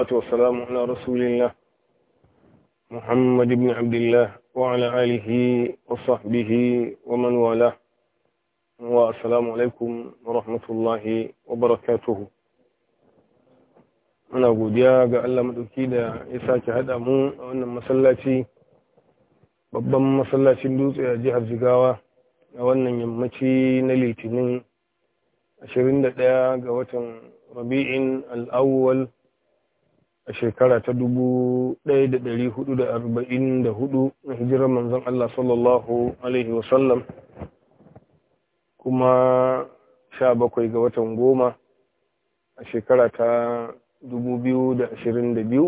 والصلاة والسلام على رسول الله محمد بن عبد الله وعلى آله وصحبه ومن والاه والسلام alaikum warahmatullahi wabarakatuhu muna godiya ga Allah maɗauki da ya sake haɗa mu a wannan masallaci babban masallacin dutse a jihar Jigawa a wannan yammaci na litinin 21 ga watan Rabi'in al al'awwal a shekara ta dubu ɗaya da ɗari hudu da arba'in da hudu na hijirar manzon Allah sallallahu Alaihi wasallam kuma sha bakwai ga watan goma a shekara ta dubu biyu da ashirin da biyu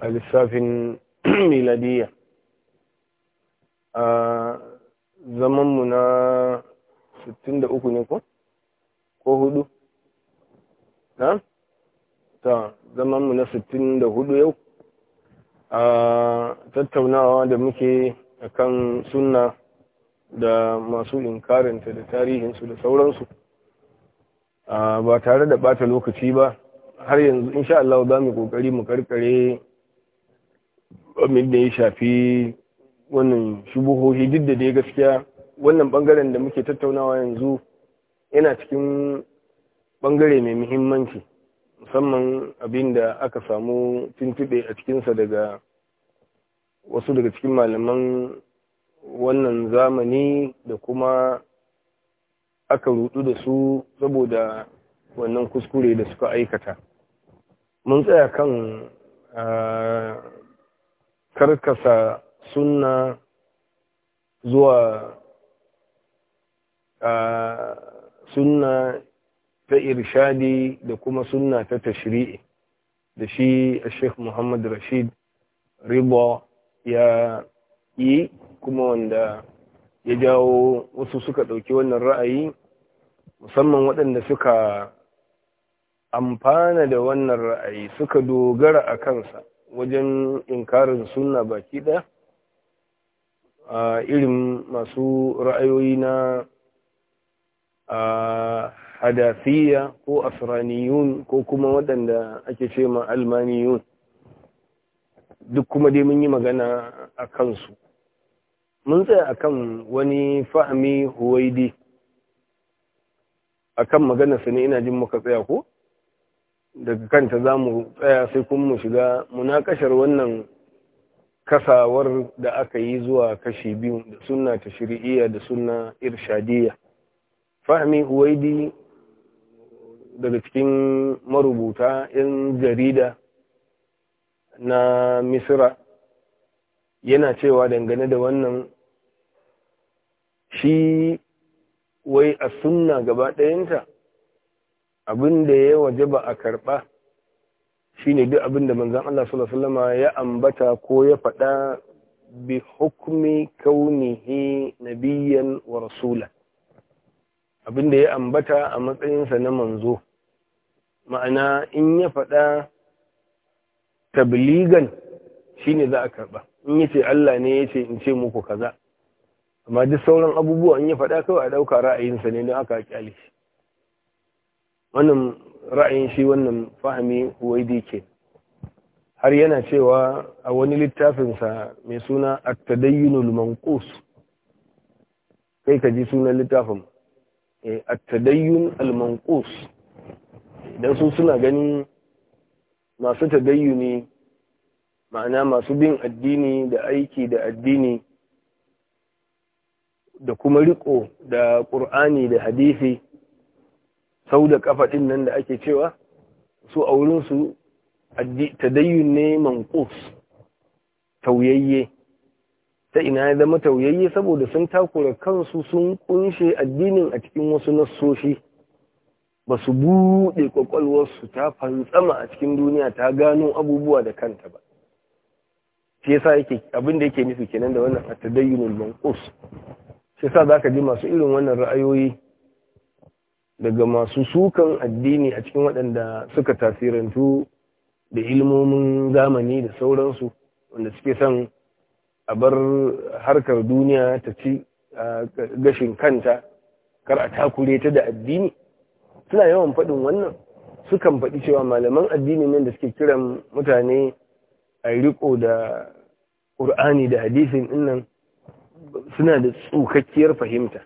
a lissafin miladiya a zamanmu na sittin da uku ne ko? ko hudu? na? zaman mu na sittin da hudu yau a tattaunawa da muke a kan sunna da masu inkarinta da tarihinsu da sauransu ba tare da bata lokaci ba har yanzu insha Allah za mu kokari mu karkare abin da ya shafi wannan shubuhohi duk da dai gaskiya wannan bangaren da muke tattaunawa yanzu yana cikin bangare mai muhimmanci musamman abin da aka samu tuntube a cikinsa daga wasu daga cikin malaman wannan zamani da kuma aka rudu da su saboda wannan kuskure da suka aikata mun tsaya kan karkasa sunna zuwa sunna ta irshadi da kuma sunna ta tashri'i da shi Sheikh Muhammad Rashid Riba ya yi kuma wanda ya jawo wasu suka ɗauki wannan ra'ayi musamman waɗanda suka amfana da wannan ra'ayi suka dogara a kansa wajen inkarin sunna baki ɗaya a irin masu ra'ayoyi na a hadafiya ko asraniyun ko kuma waɗanda ake ce ma almaniyun duk kuma dai mun yi magana a kansu mun tsaya akan wani fahimi huwaidi akan magana su ne ina jin muka tsaya ko daga kanta za mu tsaya sai kun mu shiga munakashar wannan kasawar da aka yi zuwa kashi biyu da suna ta da suna irshadiyya fahmi huwaidi daga cikin marubuta 'yan jarida na misira yana cewa dangane da wannan shi wai a sunna gaba ɗayanta abin ya waje ba a karɓa shi ne duk abin da manzan Allah wasallama ya ambata ko ya faɗa bi hukumi kaunihi nabiyan wa rasula abinda ya ambata a matsayinsa na manzo ma'ana in ya faɗa tabligan ne za a karɓa in ce Allah ne ya ce in ce muku kaza amma duk sauran abubuwa in ya faɗa kawai a ɗauka ra'ayinsa ne don aka ƙyale shi wannan ra'ayin shi wannan fahimi huwaidi ke har yana cewa a wani littafinsa mai suna a tadayyunul manqus kai ka ji sunan littafin eh, a tadayyun al-manqus idan su suna ganin masu ne ma'ana masu bin addini da aiki da addini da kuma riko da ƙur'ani da hadisi sau da kafaɗin nan da ake cewa su a wurinsu tadayyun ne manƙus tauyayye ta ina ya zama tauyayye saboda sun takura kansu sun ƙunshe addinin a cikin wasu nassoshi ba su buɗe ƙwaƙwalwarsu ta fantsama a cikin duniya ta gano abubuwa da kanta ba shi yasa yake abin da yake nufi kenan da wannan at-tadayyunul manqus shi yasa zaka ji masu irin wannan ra'ayoyi daga masu sukan addini a cikin waɗanda suka tasirantu da ilmomin zamani da sauransu wanda suke son a bar harkar duniya ta ci gashin kanta kar a takure ta da addini suna yawan faɗin wannan sukan faɗi cewa malaman addini ne da suke kiran mutane a riko da ƙur'ani da hadisin innan suna da tsukakkiyar fahimta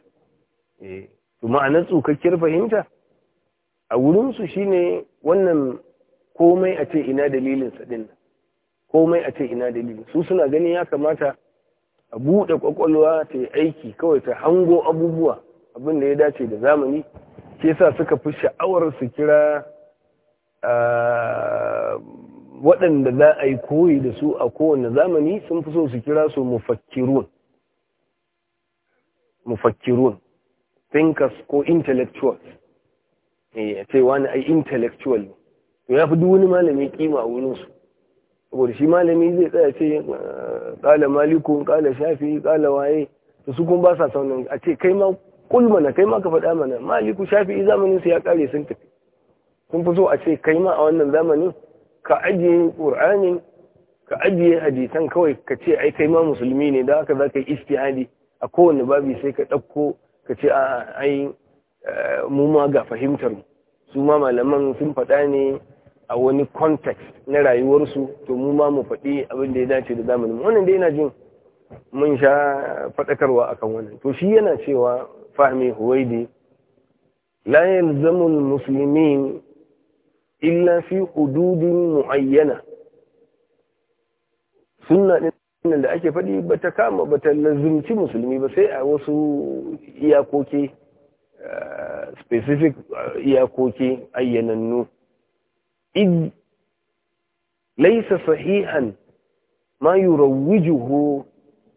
eh, to ma'anar tsukakkiyar fahimta a wurinsu shine wannan komai a ce ina dalilinsa din komai a ce ina dalilin su suna ganin ya kamata a buɗe ƙwaƙwalwa ta yi aiki kawai ta hango abubuwa abinda ya dace da zamani ke sa suka fi sha'awar su kira waɗanda za a yi koyi da su a kowane zamani sun fi so su kira su mufakkirun mufakkirun thinkers ko intellectuals eh, A ce, wani ai intellectual to ya fi duk wani malami kima a wurinsu saboda shi malami zai tsaya ce kala ah, malikun kala shafi kala waye to su kuma ba sa saunin a ce kai ma kul mana kai ma ka faɗa mana maliku shafi'i zamanin su ya kare sun tafi sun fi so a ce kai ma a wannan zamanin ka ajiye qur'anin ka ajiye hadisan kawai ka ce ai kai ma musulmi ne da haka ka yi istihadi a kowane babi sai ka ɗauko ka ce a ai eh, mu ma ga fahimtar mu. su ma malaman sun faɗa ne a wani context na rayuwarsu to mu ma mu faɗi abin da ya dace da zamanin wannan dai yana jin mun sha faɗakarwa akan wannan to shi yana cewa فهمي هويدي لا يلزم المسلمين إلا في حدود معينة سنة ɗin da ake faɗi ba ta kama ba ta lazumci musulmi ba sai a wasu iyakoki specific iyakoki ayyanannu id laisa sahihan ma yurawwijuhu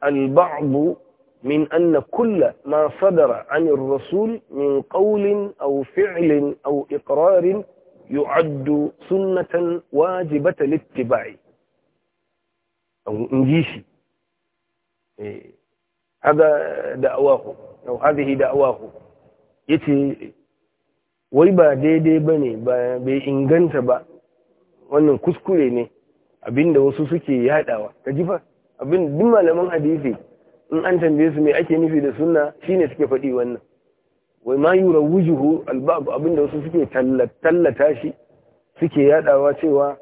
al-ba'd من أن كل ما صدر عن الرسول من قول أو فعل أو إقرار يعد سنة واجبة الاتباع أو إنجيشي هذا دعواه أو هذه دعواه يتي wai ba daidai ba bai inganta ba wannan kuskure ne abinda wasu suke yadawa ka ji fa abin duk malaman hadisi in an tambaye su me ake nufi da sunna shine suke faɗi wannan wai ma yura wujuhu albab abinda wasu suke tallata shi suke yadawa cewa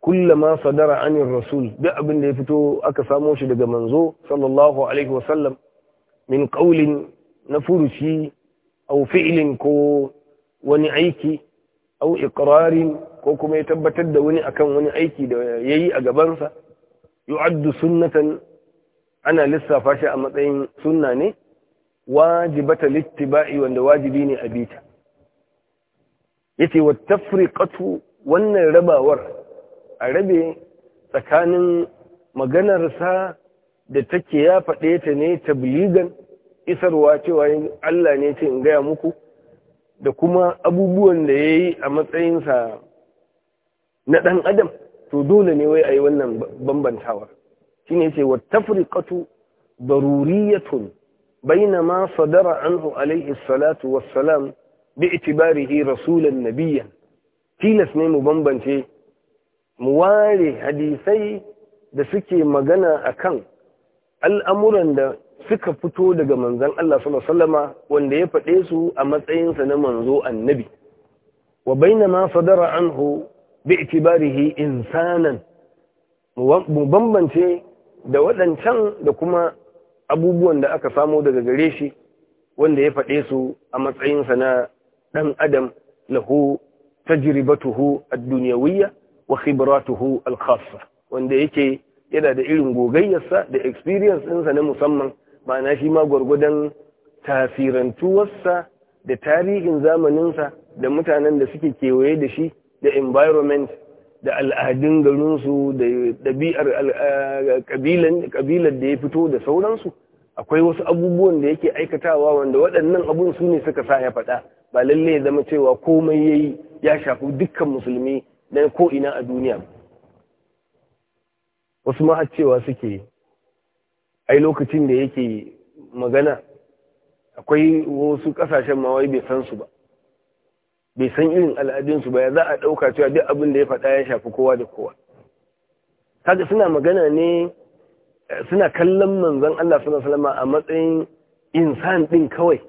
kullama sadara anin rasul duk abinda ya fito aka samo shi daga manzo sallallahu alaihi wasallam min qaulin na furuci aw fi'lin ko wani aiki au iqrarin ko kuma ya tabbatar da wani akan wani aiki da yayi a gabansa yu'addu sunnatan ana lissafa shi a matsayin sunna ne wajibata littiba'i wanda wajibi ne a bita yace wa tafriqatu wannan rabawar a rabe tsakanin maganarsa da take ya faɗe ta ne tabligan isarwa cewa Allah ne ce in gaya muku da kuma abubuwan da yayi yi a sa na dan adam to dole ne wai a yi wannan bambantawar shine yace wa tafriqatu daruriyatun baina ma sadara anhu alayhi salatu wassalam bi'tibarihi rasulan nabiyyan tilas ne mu bambance mu ware hadisai da suke magana akan al'amuran da suka fito daga manzan Allah sallama wanda ya faɗe su a matsayinsa na manzo annabi wa bainama sadara anhu bi'tibarihi insanan mu bambance da waɗancan da kuma abubuwan da aka samu daga gare shi wanda ya faɗe su a matsayinsa na ɗan adam lahu tajribatuhu ad-dunyawiyya wa khibratuhu al-khassa wanda yake yana da irin gogayyarsa da experience ɗinsa na musamman ma'ana shi ma gwargwadon tasirantuwarsa da tarihin zamaninsa da mutanen da suke kewaye da shi da environment da al'adun garinsu da ɗabi'ar ƙabilar da ya fito da sauransu akwai wasu abubuwan da yake aikatawa wanda waɗannan abun su ne suka sa ya faɗa ba lallai ya zama cewa komai ya yi ya shafi dukkan musulmi na ko'ina a duniya wasu ma cewa suke ai lokacin da yake magana akwai wasu ƙasashen mawai bai san su ba bai san irin al'adunsu ba ya za a ɗauka cewa duk abin da ya faɗa ya shafi kowa da kowa haka suna magana ne suna kallon manzan Allah suna salama a matsayin insan ɗin kawai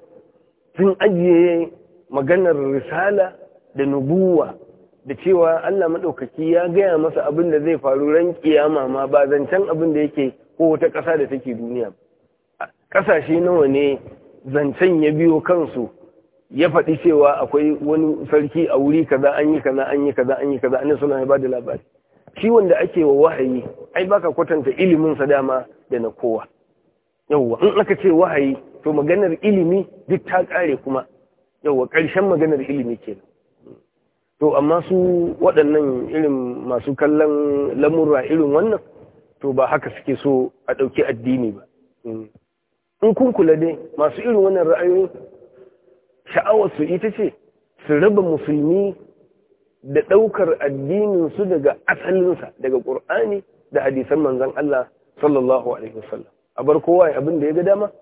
sun ajiye maganar risala da nubuwa da cewa Allah maɗaukaki ya gaya masa abin da zai faru ran kiyama ma ba zancen abin da yake ko wata ƙasa da take duniya ƙasashe nawa ne zancen ya biyo kansu ya faɗi cewa akwai wani sarki a wuri kaza an yi kaza an yi kaza an yi kaza an suna ya bada labari shi wanda ake wa wahayi ai baka kwatanta ilimin sa dama da na kowa yawwa in aka ce wahayi to maganar ilimi duk ta kare kuma yawwa ƙarshen maganar ilimi ke? to amma su waɗannan irin masu kallon lamurra irin wannan to ba haka suke so a ɗauki addini ba mm. in kun kula dai masu irin wannan ra'ayoyi sha'awarsu ita ce su raba musulmi da ɗaukar addininsu daga asalinsa daga ƙur'ani da hadisan manzan Allah sallallahu alaihi wasallam a bar kowa abin da ya ga dama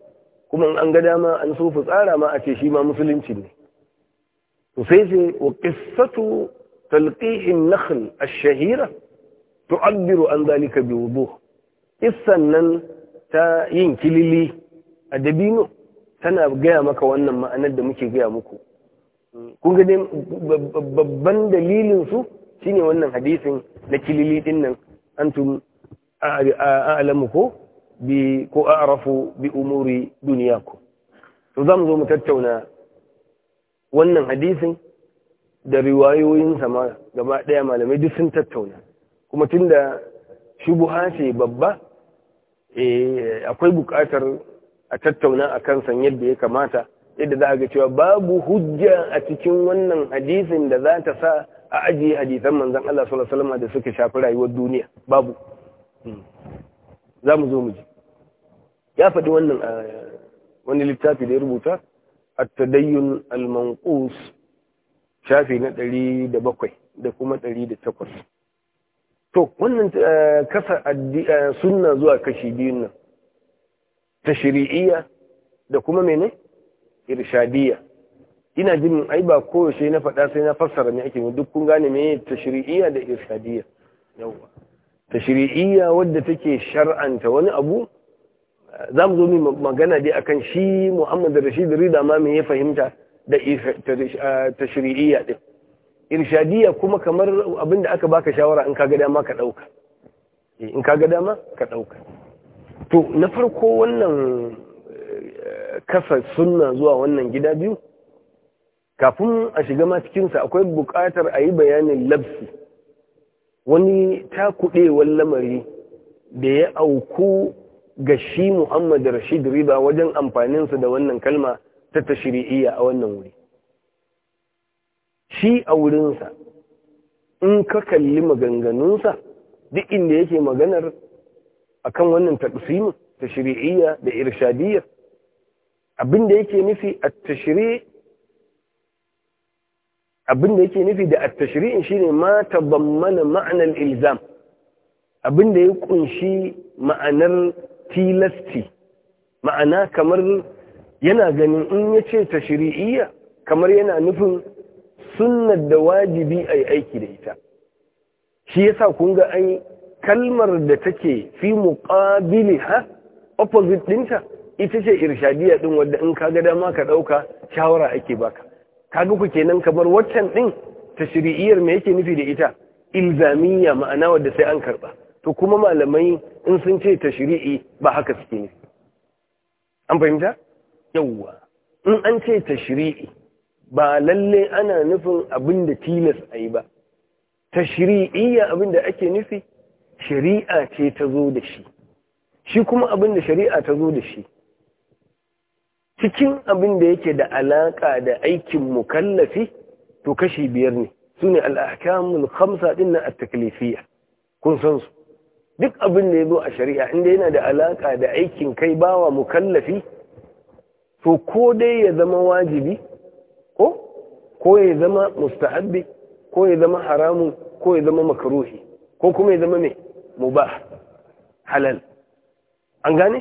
kuma an ga dama an so tsara ma a ce shi ma musulunci ne to sai sai wa ƙisatu talqihin nakhl ash-shahira tu'abbiru an zalika bi wuduh Isan nan ta yin kilili a dabino tana gaya maka wannan ma'anar da muke gaya muku kun ga babban dalilinsu su shine wannan hadisin na kilili din nan an a'lamu ko ko a'rafu bi umuri ko. to zamu zo mu tattauna wannan hadisin da riwayoyin sama gaba ɗaya malamai duk sun tattauna kuma tunda shubuha ce babba eh, akwai bukatar a tattauna a kansa yadda ya kamata yadda za a ga cewa babu hujja a cikin wannan hadisin da za ta sa a ajiye hadisan manzan Allah sallallahu alaihi wasallam da suka shafi rayuwar duniya babu hmm. za mu zo mu ji ya faɗi wannan ah, wani littafi da ya rubuta a tadayyun al shafi na ɗari da bakwai da kuma ɗari da takwas to wannan ah, kasa ah, sunna zuwa kashi biyun nan Tashiri'iyya da kuma mene irshadiyya ina jin ai ba koyaushe na faɗa sai na fassara ne ake duk kun gane me tashiri'iyya da irshadiyya yawa tashri'iyya wadda take shar'anta wani abu za mu zo mu magana dai akan shi Muhammad Rashid Rida ma me ya fahimta da tashiri'iyya din irshadiyya kuma kamar abinda aka baka shawara in ka ga dama ka dauka eh, in ka ga dama ka dauka to na farko wannan eh, kasa sunna zuwa wannan gida biyu kafin a shiga ma cikinsa akwai buƙatar a yi bayanin labsi wani takuɗewar lamari da ya auku ga shi Muhammad Rashid Riba wajen amfaninsa da wannan kalma ta iya a wannan wuri. Shi a wurinsa, in ka kalli maganganunsa, duk inda yake maganar akan wannan taqsim tashri'iyya da irshadiyya Abinda yake nufi at-tashri' abin da yake nufi da at-tashri' shine ma tadammana ma'na al-ilzam Abinda ya kunshi ma'anar tilasti ma'ana kamar yana ganin in yace tashri'iyya kamar yana nufin sunnar da wajibi ai aiki da ita shi yasa kun ga ai kalmar da take fi muƙabili ha opposite dinta ita ce irshadiya din wanda in ka ga dama ka ɗauka shawara ake baka kaga ku kenan kamar waccan din tashri'iyar me yake nufi da ita Ilzamiya ma'ana wadda sai an karba to kuma malamai in sun ce tashri'i ba haka suke nufi an fahimta yawwa in an ce tashri'i ba lalle ana nufin abin da tilas a yi ba tashri'iyya abin da ake nufi shari'a ce ta zo da shi shi kuma abin da shari'a ta zo da shi cikin abin da yake da alaƙa da aikin mukallafi to kashi biyar ne su ne al'akamun hamsa ɗin na attaklifiya kun san su duk abin da ya zo a shari'a inda yana da alaƙa da aikin kai bawa mukallafi to ko dai ya zama wajibi ko ko ya zama mustahabbi ko ya zama haramun ko ya zama makaruhi ko kuma ya zama mai mubah halal an gane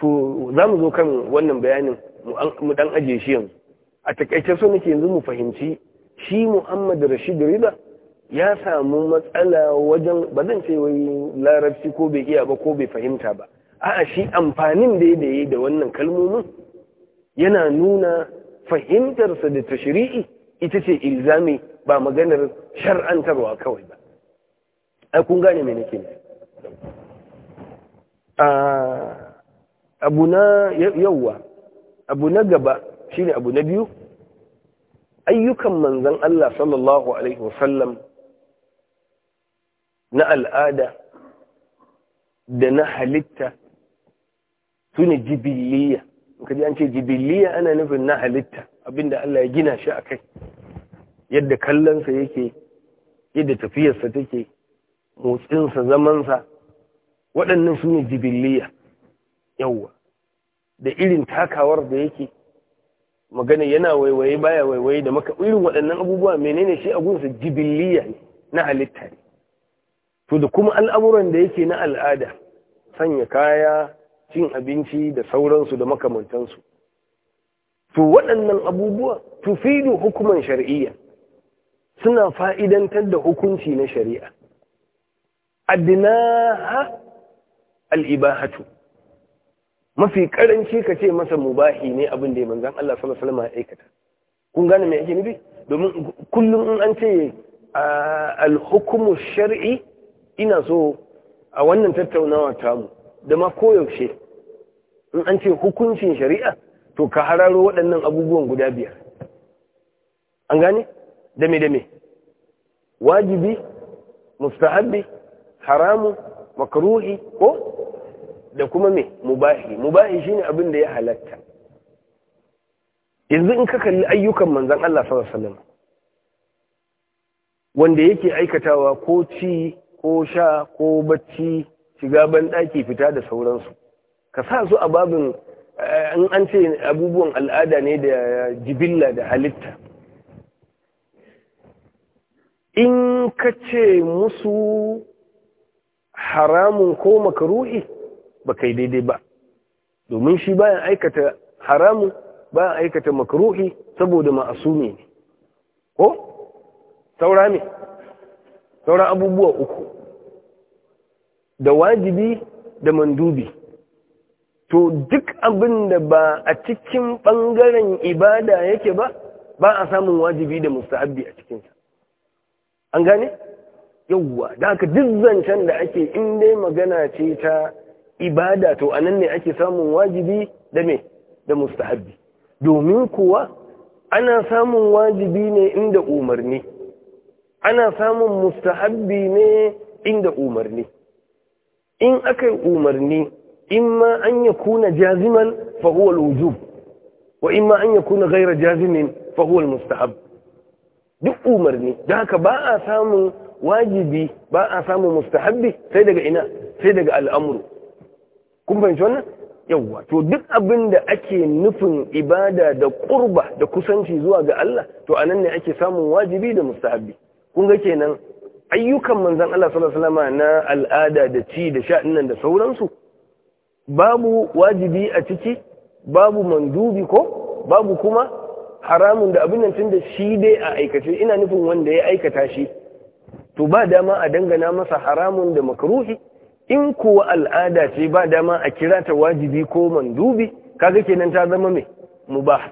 to za mu zo kan wannan bayanin mu dan aje shi yanzu a takaice so nake yanzu mu fahimci shi Muhammad Rashid Rida ya samu matsala wajen ba zan ce wai larabci ko bai iya ba ko bai fahimta ba a'a shi amfanin da ya da wannan kalmomin yana nuna fahimtarsa da tashri'i ita ce ilzami ba maganar shar'antarwa kawai ba ai kun gane me nake nufi abu na yauwa abu na gaba shine abu na biyu ayyukan manzan Allah sallallahu alaihi wasallam na al'ada da na halitta su ne jibiliya kaji an ce jibiliya ana nufin na halitta abinda Allah ya gina shi a kai yadda kallonsa yake yadda tafiyarsa take motsinsa zamansa waɗannan su ne jibiliya yauwa da irin takawar da yake magana yana waiwaye baya waiwaye da maka irin waɗannan abubuwa menene shi a gunsa jibiliya ne na halitta ne to da kuma al'amuran da yake na al'ada sanya kaya cin abinci da sauransu da makamantansu to waɗannan abubuwa tufidu hukuman shari'iyya suna fa'idantar da hukunci na shari'a adnaha al-ibahatu mafi karanci ka ce masa mubahi ne abin da manzon Allah sallallahu alaihi ya aikata kun gane me yake nufi domin kullum in an ce al-hukmu shar'i ina so a wannan tattaunawa tamu da ma koyaushe in an ce hukuncin shari'a to ka hararo waɗannan abubuwan guda biyar an gane dame dame wajibi mustahabbi haramu makruhi ko da kuma me mubahi mubahi shine abin da ya halatta yanzu in ka kalli ayyukan manzon Allah sallallahu alaihi wasallam wanda yake aikatawa ko ci ko sha ko bacci shiga ban daki fita da sauransu ka sa su a babin eh, in an ce abubuwan al'ada ne da jibilla da halitta in ka ce musu haramun ko makaruhi ba kai daidai ba domin shi bayan aikata haramun bayan aikata makaruhi saboda ma'asumi ne ko saura ne saura abubuwa uku da wajibi da mandubi to duk abin da ba a cikin ɓangaren ibada yake ba ba a samun wajibi da musta'abbi a cikinsa an gane? yauwa da haka duk zancen da ake inda magana ce ta ibada to anan ne ake samun wajibi da me da mustahabbi domin kuwa ana samun wajibi ne inda umarni ana samun mustahabbi ne inda umarni in aka yi umarni imma an ya kuna jaziman fahuwal wujub wa imma an ya kuna gaira jazimin fahuwal mustahab duk umarni da haka ba a samun wajibi ba a samun mustahabbi sai daga ina sai daga al'amuru kun fahimci wannan yawwa to duk abin da ake nufin ibada da kurba da kusanci zuwa ga Allah to a nan ne ake samun wajibi da mustahabbi kun ga kenan ayyukan manzon Allah sallallahu alaihi na al'ada da ci da sha dinnan da sauransu babu wajibi a ciki babu mandubi ko babu kuma haramun da abin nan tun shi dai a aikace ina nufin wanda ya aikata shi to ba dama a dangana masa haramun da makaruhi in kuwa al'ada ce ba dama a kira ta wajibi ko mandubi kaga kenan ta zama mai mubah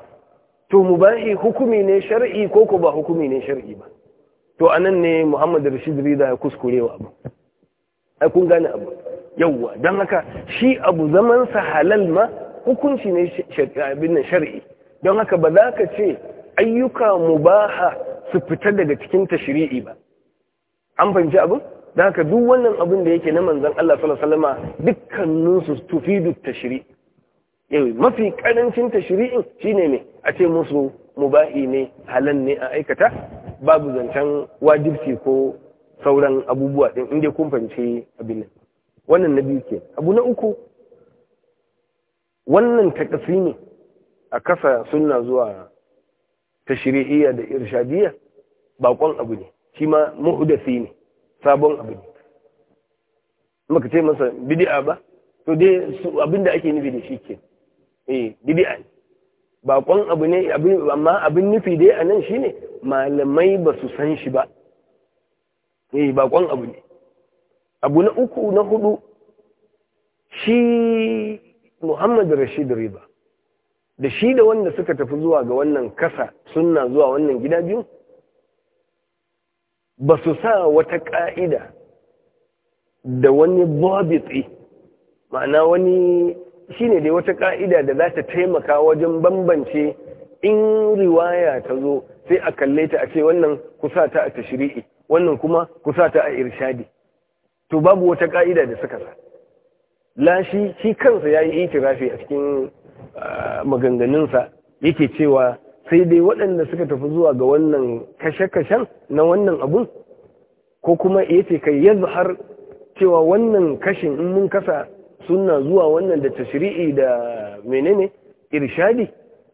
to mubahi hukumi ne shar'i ko ko ba hukumi ne shar'i ba to anan ne Muhammad Rashid Rida ya kuskurewa abu ai kun gane abu yawwa don haka shi abu zaman sa halal ma hukunci ne abin nan shar'i don haka ba za ka ce ayyuka mubaha su fita daga cikin tashri'i ba an fahimci abin da haka duk wannan abin da yake na manzan Allah sallallahu alaihi wasallama dukkaninsu tufidu tashri yau mafi karancin tashri'in shine ne a ce musu mubahi ne halan ne a aikata babu zancen wajibci ko sauran abubuwa din inda kun fahimci abin nan wannan na biyu ke abu na uku wannan ne. a kasa suna zuwa tashiri'iya da irshadiyya Baƙon abu ne shi ma muhdasi ne sabon abu ne maka ce masa bidi'a ba to dai abinda ake nufi da shi ke eh bidi'a ne bakon abu ne amma abin nufi dai a nan shine malamai ba su san shi ba eh bakon abu ne abu na uku na hudu shi Muhammadu Rashid Riba da shi da wanda suka tafi zuwa ga wannan kasa suna zuwa wannan gida biyu ba su sa wata ƙa'ida da wani bobitsi ma'ana wani shine dai wata ƙa'ida da za ta taimaka wajen bambance in riwaya ta zo sai a kalle ta a ce wannan kusa ta a tashiri'i wannan kuma kusa ta a irshadi to babu wata ƙa'ida da suka sa lashi shi kansa ya yi itirafi a cikin ah, maganganunsa yake cewa sai dai waɗanda suka tafi zuwa ga wannan kashe-kashen na wannan abun ko kuma ya ce kai yanzu har cewa wannan kashin in mun kasa suna zuwa wannan da tashri'i da menene irshadi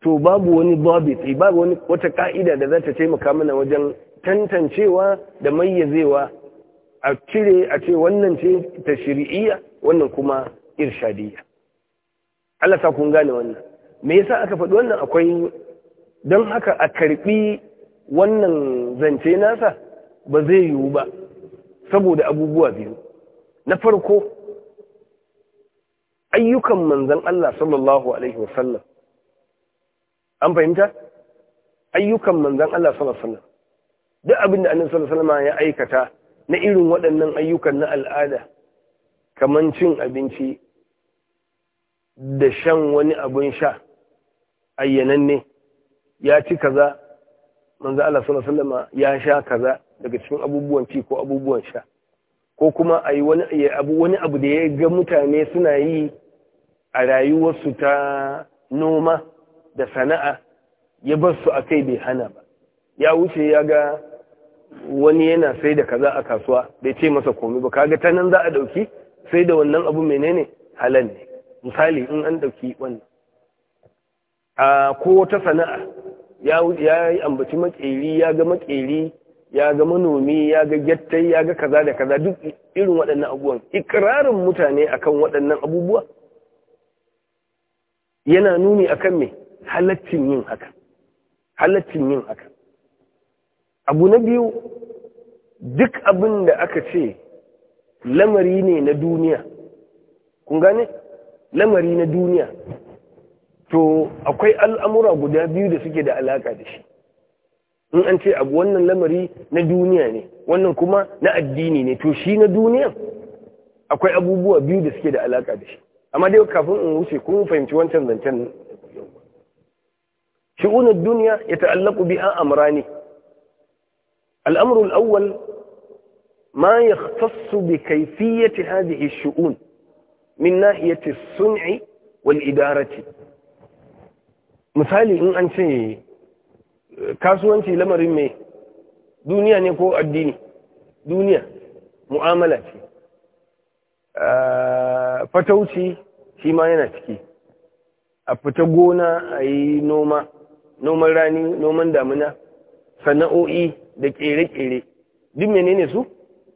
to babu wani babiti babu wani wata ka'ida da za ta taimaka mana wajen tantancewa da mayyazewa a cire a ce wannan ce tashri'iyya wannan kuma irshadiyya Allah sa kun gane wannan me yasa aka faɗi wannan akwai don haka a karɓi wannan zance nasa ba zai yiwu ba saboda abubuwa biyu na farko ayyukan manzan Allah sallallahu Alaihi wasallam an fahimta ayyukan manzan Allah sallallahu Alaihi wasallam duk abin da annabi sallallahu Alaihi wasallam ya aikata na irin waɗannan ayyukan na al'ada kamar cin abinci da shan wani abin sha ayyananne ya ci kaza manzo Allah sallallahu alaihi wasallam ya sha kaza daga cikin abubuwan ci ko abubuwan sha ko kuma ayi wani abu wani abu da ya ga mutane suna yi a rayuwarsu ta noma da sana'a ya bar su akai bai hana ba ya wuce ya ga wani yana sai da kaza a kasuwa bai ce masa komai ba kaga ta nan za a dauki sai da wannan abu menene halal ne misali in an dauki wannan a ko ta sana'a ya yi ambaci makeri ya ga makeri ya ga manomi ya ga gyattai ya ga kaza da kaza duk irin waɗannan abubuwan ikirarin mutane akan waɗannan abubuwa yana nuni akan me halaccin yin haka halaccin yin haka abu na biyu duk abin da aka ce lamari ne na duniya kun gane lamari na duniya to akwai al'amura guda biyu da suke da alaka da shi in an ce abu wannan lamari na duniya ne wannan kuma na addini ne to shi na duniya akwai abubuwa biyu da suke da alaka da shi amma dai kafin in wuce kun fahimci wancan zancen شؤون الدنيا يتعلق بها أمران الأمر الأول ما يختص بكيفية هذه الشؤون من ناحية الصنع والإدارة misali in an ce eh, kasuwanci lamarin mai duniya ne ko addini duniya mu'amala ce ah, fatauci shi ma yana ciki a fita gona a yi noma noman rani noman damina sana'o'i da kere-kere duk menene su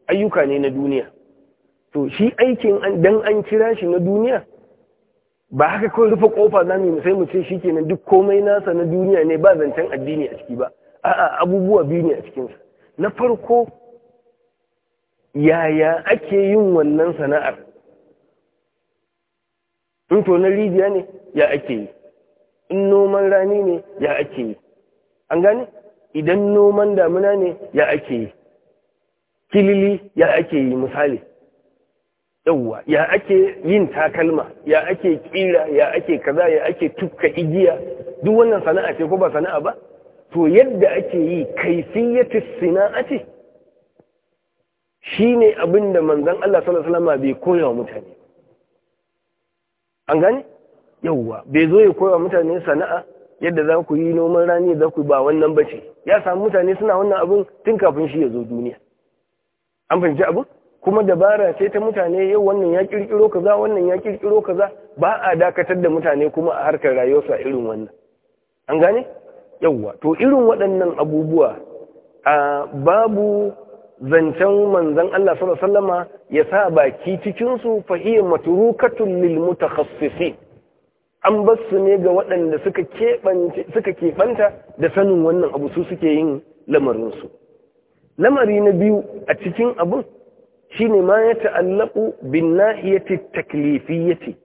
ayyuka ne na duniya to shi aikin dan an kira shi na duniya ba haka kawai rufe kofa za mu sai mu ce shi kenan duk komai nasa na duniya ne ba zancen addini a ciki ba a'a abubuwa biyu ne a cikinsa na farko yaya ake yin wannan sana'ar in to na rijiya ne ya ake yi in noman rani ne ya ake yi an gane idan noman damina ne ya ake yi kilili ya ake yi misali yawwa ya ake yin takalma ya ake kira ya ake kaza ya ake tukka igiya duk wannan sana'a ce ko ba sana'a ba to yadda ake yi kaifiyatu sana'ati shine abinda manzon Allah sallallahu alaihi wasallam bai koya wa mutane an gani? yawwa bai zo ya koya mutane sana'a yadda za ku yi noman rani za ku ba wannan bace ya samu mutane suna wannan abun tun kafin shi ya zo duniya an fahimci abin kuma dabara ce ta mutane yau wannan ya kirkiro kaza wannan ya kirkiro kaza ba a dakatar da mutane kuma a harkar rayuwarsu a irin wannan an gane yawwa to irin waɗannan abubuwa a babu zancen manzon Allah sallallahu alaihi wasallama ya sa baki cikin su fahiyya matrukatun lil mutakhassisin an bar ne ga waɗanda suka keɓanta suka keɓanta da sanin wannan abu su suke yin lamarin su lamari na biyu a cikin abun shine ma ya ta'allaqu bin nahiyati taklifiyati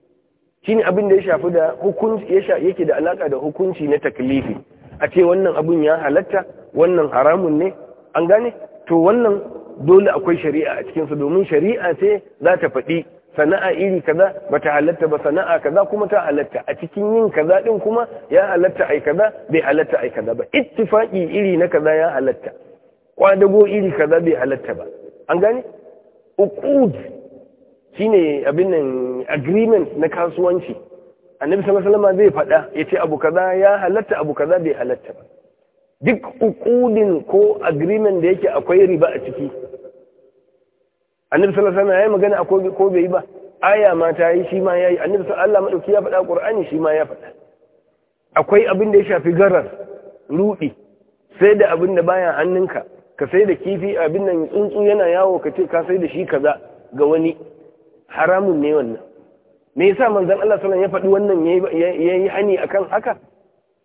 shine abin da ya shafi da hukunci yake da alaka da hukunci na taklifi a ce wannan abin ya halatta wannan haramun ne an gane to wannan dole akwai shari'a a cikinsa domin shari'a ce za ta faɗi sana'a iri kaza bata halatta ba sana'a kaza kuma ta halatta a cikin yin kaza din kuma ya halatta ai kaza bai halatta ai kaza ba ittifaqi iri na kaza ya halatta kwadago iri kaza bai halatta ba an gane uqud shine abin nan agreement na kasuwanci annabi sallallahu alaihi wasallam zai faɗa yace abu kaza ya halatta abu kaza bai halatta ba duk uqudin ko agreement da yake akwai riba a ciki annabi sallallahu alaihi wasallam yayi magana akwai ko bai yi ba aya ma ta yi shi ma yayi annabi sallallahu alaihi wasallam ya fada qur'ani shi ma ya fada akwai abin da ya shafi garar rudi sai da abin da baya hannunka ka sai da kifi abin nan tsuntsu yana yawo ka ce ka sai da shi kaza ga wani haramun ne wannan me yasa manzon Allah sallallahu ya faɗi wannan yayi hani akan haka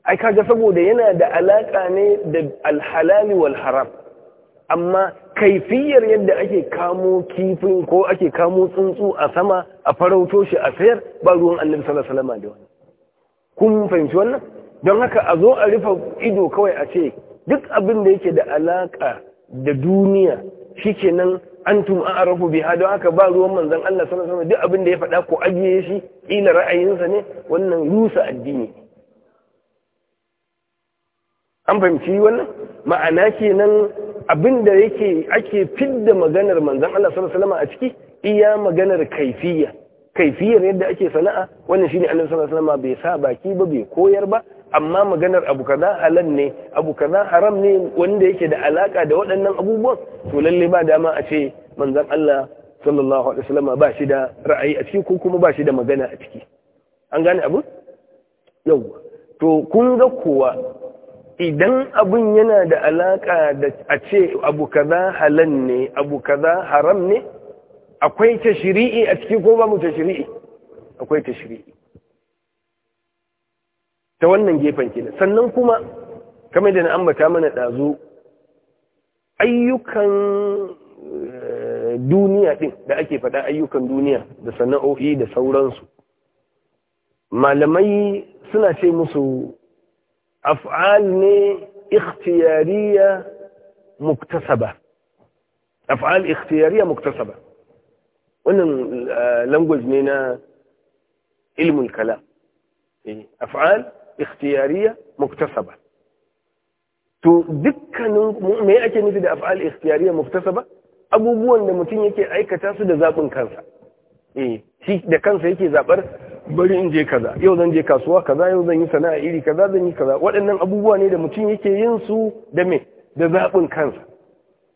ai kaga saboda yana da alaka ne da alhalali wal haram amma kaifiyar yadda ake kamo kifin ko ake kamo tsuntsu a sama a farauto shi a sayar ba ruwan annabi sallallahu alaihi wasallam da wannan kun fahimci wannan don haka a zo a rufe ido kawai a ce duk abin da yake da alaka da duniya shi shikenan antum a'rafu biha don haka ba ruwan manzon Allah sallallahu alaihi duk abin da ya faɗa ko ajiye shi ila ra'ayinsa ne wannan rusa addini an fahimci wannan ma'ana kenan abin da yake ake fidda maganar manzon Allah sallallahu alaihi a ciki iya maganar kaifiya. kaifiyar yadda ake sana'a wannan shine Allah sallallahu alaihi bai sa baki ba bai koyar ba amma maganar abu kaza halal ne abu kaza haram ne wanda yake da alaka da waɗannan abubuwan to lalle ba dama a ce manzon Allah sallallahu alaihi wasallam ba shi da ra'ayi a ciki ko kuma ba shi da magana a ciki an gane abu yau. to kun ga kowa idan abun yana da alaka da a ce abu kaza halal ne abu kaza haram ne akwai tashiri'i a ciki ko babu tashri'i akwai tashri'i ta wannan gefen kenan sannan kuma kamar da na ambata mana ɗazu ayyukan eh, duniya ɗin da ake faɗa ayyukan duniya da sana'o'i da sauransu malamai suna ce musu af'al ne ikhtiyariya muktasaba af'al ikhtiyariya muktasaba wannan eh, language ne na ilmul kalam eh, af'al ikhtiyariya muktasaba to dukkanin me ake nufi da af'al ikhtiyariya muktasaba abubuwan da mutum yake aikata su da zaɓin kansa eh da kansa yake zaɓar bari in je kaza yau zan je kasuwa kaza yau zan yi sana'a iri kaza zan yi kaza waɗannan abubuwa ne da mutum yake yin su da me da zaɓin kansa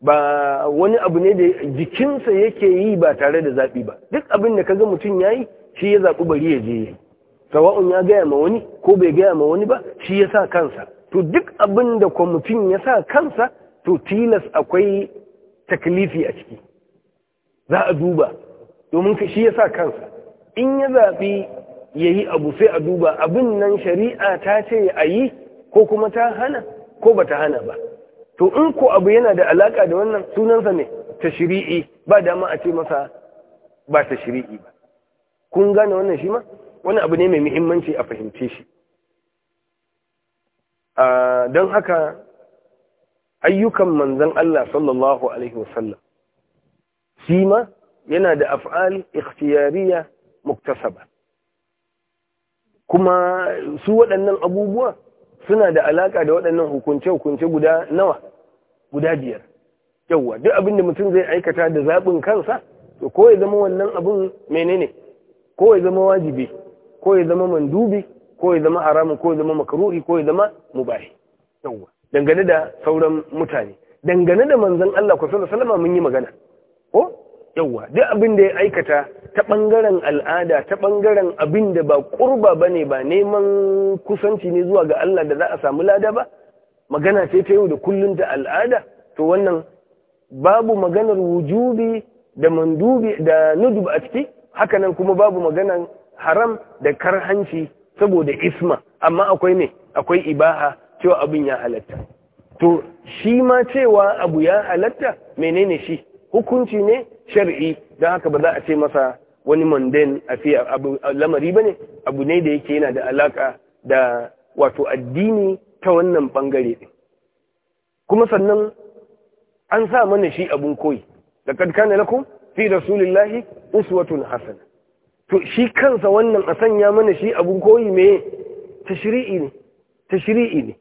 ba wani abu ne da jikinsa yake yi ba tare da zaɓi ba duk abin da kaga mutum ya yi shi ya zaɓi bari ya je sawa'un ya gaya ma wani ko bai gaya ma wani ba shi ya sa kansa to duk abin da kwamitin ya sa kansa to tilas akwai taklifi a ciki za a duba domin shi ya sa kansa in ya zaɓi ya yi abu sai a duba abin nan shari'a ta ce a yi ko kuma ta hana ko ba ta hana ba to in ko abu yana da alaka da wannan sunansa ne ta shiri'i ba dama a ce masa ba ta shiri'i ba kun gane wannan shi ma wani abu ne mai muhimmanci a fahimce shi don haka ayyukan manzan Allah sallallahu alaihi wasallam shi ma yana da af'al ikhtiyariya muktasaba kuma su waɗannan abubuwa suna da alaƙa da waɗannan hukunce-hukunce guda nawa guda biyar yauwa duk abin da mutum zai aikata da zaɓin kansa to ko ya zama wannan abin menene ko ya zama wajibi ko ya zama mandubi ko ya zama haramun ko ya zama makaruri ko ya zama mubahi yawa dangane da sauran mutane dangane da manzon Allah ku sallallahu alaihi mun yi magana ko yawa duk abin da ya aikata ta bangaren al'ada ta bangaren abin da ba kurba bane ba neman kusanci ne zuwa ga Allah da za a samu lada ba magana ce ta yau da kullun ta al'ada to wannan babu maganar wujubi da mandubi da nudub a ciki Haka nan kuma babu maganar haram da karhanci saboda isma amma akwai ne akwai ibaha cewa abin ya halatta to shi ma cewa abu ya halatta menene shi hukunci ne shar'i don haka ba za a ce masa wani mundane a fi lamari ba ne abu ne da yake yana da alaka da wato addini ta wannan bangare ɗin kuma sannan an sa mana shi abun koyi da kadkana lakum fi rasulillahi uswatun hasana to shi kansa wannan a sanya mana shi abin koyi me tashri'i ne tashri'i ne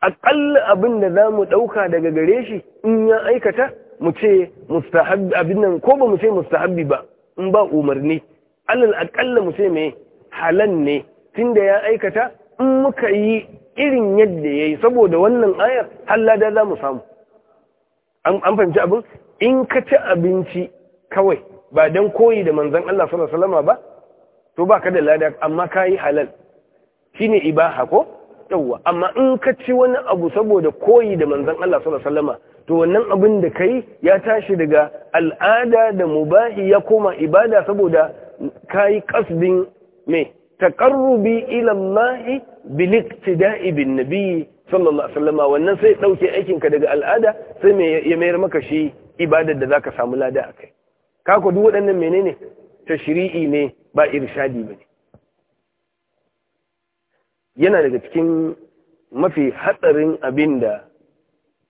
aƙalla abin da za mu ɗauka daga gare shi in ya aikata mu ce mustahabbi abin nan ko ba mu ce mustahabbi ba in ba umarni alal aƙalla mu ce me halan ne tunda ya aikata in muka yi irin yadda ya yi saboda wannan ayar hallada za mu samu an fahimci abin in ka ci abinci kawai ba don koyi da manzan Allah sallallahu ba to ba ka da lada amma ka yi halal shi ne ibaha ko yawwa amma in ka ci wani abu saboda koyi da manzan Allah sallallahu to wannan abin da ka yi ya tashi daga al'ada da mubahi ya koma ibada saboda ka yi kasbin mai taƙarrubi ilallahi biliktida'i da'ibin nabi sallallahu alaihi wasallama wannan sai ɗauke aikinka daga al'ada sai ya mayar maka shi ibadar da zaka samu lada a kai. kako duk waɗannan menene ta shiri'i ne ba irshadi bane yana daga cikin mafi hatsarin abin da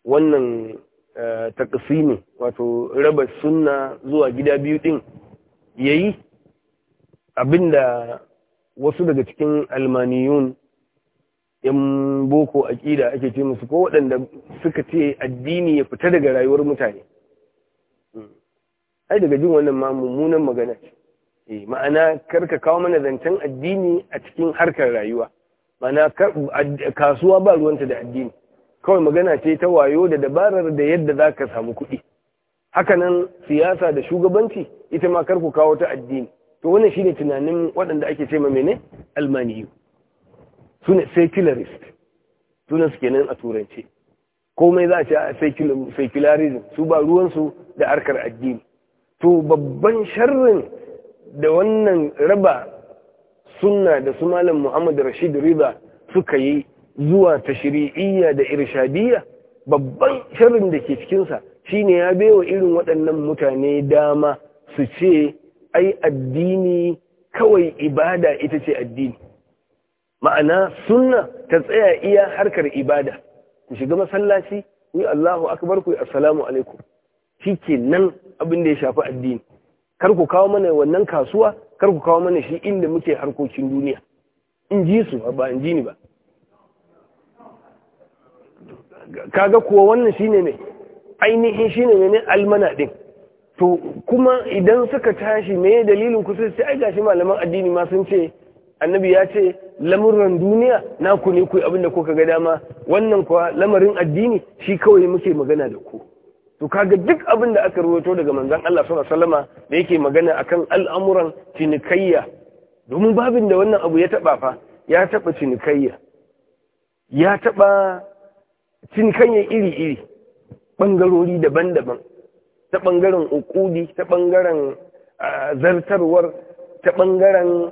wannan eh, takasimi wato raba sunna zuwa gida biyu din yi abin da wasu daga cikin almaniyun yan boko aƙida ake ce musu ko waɗanda suka ce addini ya fita daga rayuwar mutane ai daga jin wannan ma mummunan magana ce eh, ma'ana karka kawo mana zancen addini a cikin harkar rayuwa ma'ana kasuwa ba ruwanta da addini kawai magana ce ta wayo da dabarar da yadda za ka samu kuɗi hakanan siyasa da shugabanci ita ma karku kawo ta addini to wannan shine tunanin waɗanda ake ce ma mene almaniyu su ne secularist sunan su kenan a Turanci. komai za a ce secularism su ba ruwansu da harkar addini to babban sharrin da wannan raba sunna da su malam Muhammad Rashid Riba suka yi zuwa tashri'iyya da irshadiyya babban sharrin da ke cikinsa shine ya baiwa irin waɗannan mutane dama su ce ai addini kawai ibada ita ce addini ma'ana sunna ta tsaya iya harkar ibada ku shiga masallaci ku yi Allahu akbar ku yi assalamu alaikum shi ke nan abin da ya shafi addini kar ku kawo mana wannan kasuwa kar ku kawo mana shi inda muke harkokin duniya in ji su ba in ji ni ba kaga kuwa wannan shine ne ainihin shine ne ne almana ɗin? to kuma idan suka tashi me dalilin ku sai ai gashi malaman addini ma sun ce annabi ya ce lamuran duniya na ku ne ku abin da kuka ga dama wannan kuwa lamarin addini shi kawai muke magana da ku to kaga duk abin da aka ruwato daga manzan Allah sallallahu alaihi wasallama da yake magana akan al'amuran cinikayya domin babin da wannan abu ya taba fa ya taba cinikayya ya taba cinikayya iri-iri bangarori daban-daban ta bangaren ukudi ta bangaren zartarwar ta bangaren